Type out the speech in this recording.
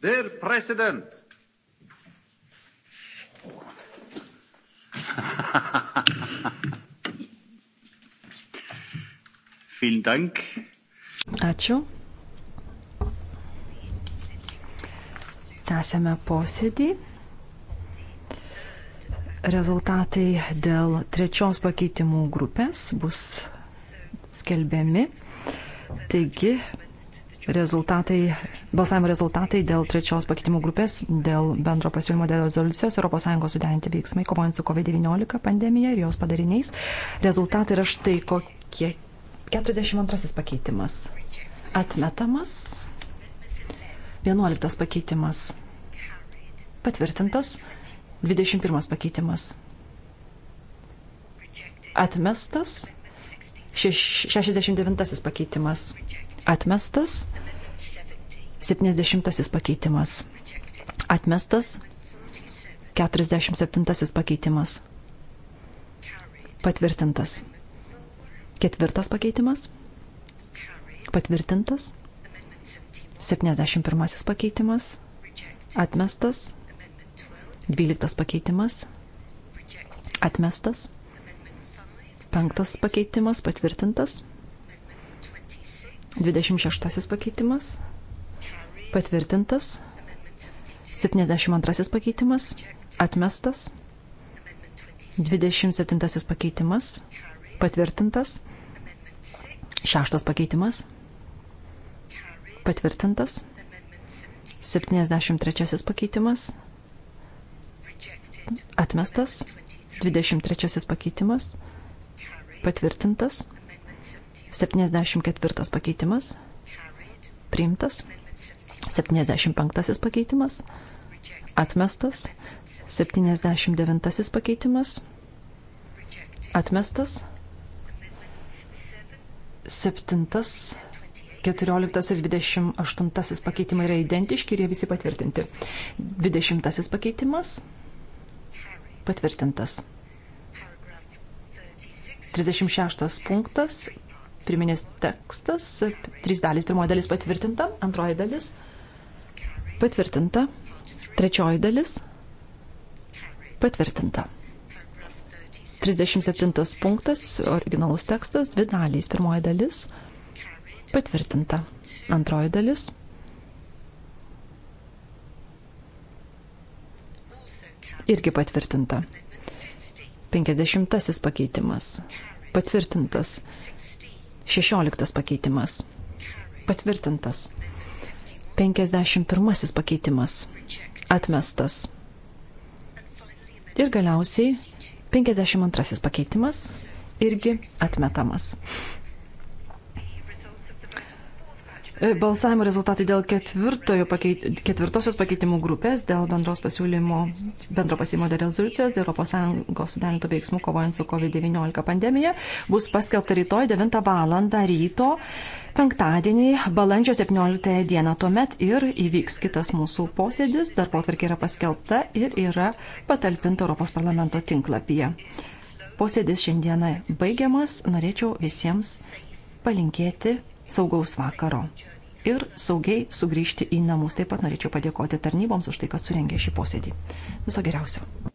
Dear President. Vielen Dank. Ačiū. Tęsėme posėdį. Rezultatai dėl trečios pakeitimų grupės bus skelbiami. Taigi, rezultatai balsavimo rezultatai dėl trečios pakeitimų grupės, dėl bendro pasiūlymo dėl rezoliucijos ES suderinti veiksmai, kovojant su COVID-19 pandemija ir jos padariniais. Rezultatai yra štai kokie. 42 pakeitimas. Atmetamas. 11 pakeitimas. Patvirtintas. 21 pakeitimas. Atmestas. 69 pakeitimas. Atmestas. 70 pakeitimas. Atmestas. 47 pakeitimas. Patvirtintas. Ketvirtas pakeitimas. Patvirtintas. 71 pakeitimas. Atmestas. 12 pakeitimas. Atmestas. Penktas pakeitimas patvirtintas. 26 pakeitimas Patvirtintas. 72 pakeitimas. Atmestas. 27 pakeitimas. Patvirtintas. Šeštas pakeitimas. Patvirtintas. 73 pakeitimas. Atmestas. 23 pakeitimas. Patvirtintas. 74 pakeitimas. Priimtas. 75 pakeitimas atmestas, 79 pakeitimas atmestas, 7, 14 ir 28 pakeitimai yra identiški ir jie visi patvirtinti. 20 pakeitimas patvirtintas. 36 punktas, pirminis tekstas, trys dalys, pirmoji dalis patvirtinta, antroji dalis Patvirtinta. Trečioji dalis. Patvirtinta. 37 punktas, originalus tekstas, dvi dalys. Pirmoji dalis. Patvirtinta. Antroji dalis. Irgi patvirtinta. 50 pakeitimas. Patvirtintas. 16 pakeitimas. Patvirtintas. 51 pakeitimas atmestas. Ir galiausiai 52 pakeitimas irgi atmetamas. E, balsavimo rezultatai dėl pakeit, ketvirtosios pakeitimų grupės, dėl bendros pasiūlymo, bendro pasiūlymo dėl rezoliucijos, dėl ES sudarintų veiksmų kovojant su COVID-19 pandemija bus paskelbta rytoj 9 val. ryto, penktadienį, balandžio 17 dieną. Tuomet ir įvyks kitas mūsų posėdis, darbo tvarkė yra paskelbta ir yra patalpinta Europos parlamento tinklapyje. Posėdis šiandieną baigiamas, norėčiau visiems palinkėti saugaus vakaro ir saugiai sugrįžti į namus. Taip pat norėčiau padėkoti tarnyboms už tai, kad surengė šį posėdį. Viso geriausio.